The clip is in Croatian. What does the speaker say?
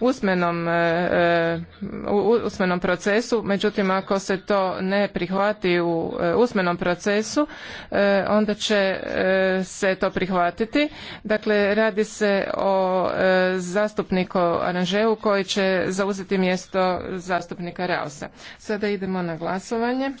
usmenom, e, e, u usmenom procesu, međutim ako se to ne prihvati u e, usmenom procesu, onda će se to prihvatiti. Dakle, radi se o zastupniku Aranžeu koji će zauzeti mjesto zastupnika Rausa. Sada idemo na glasovanje.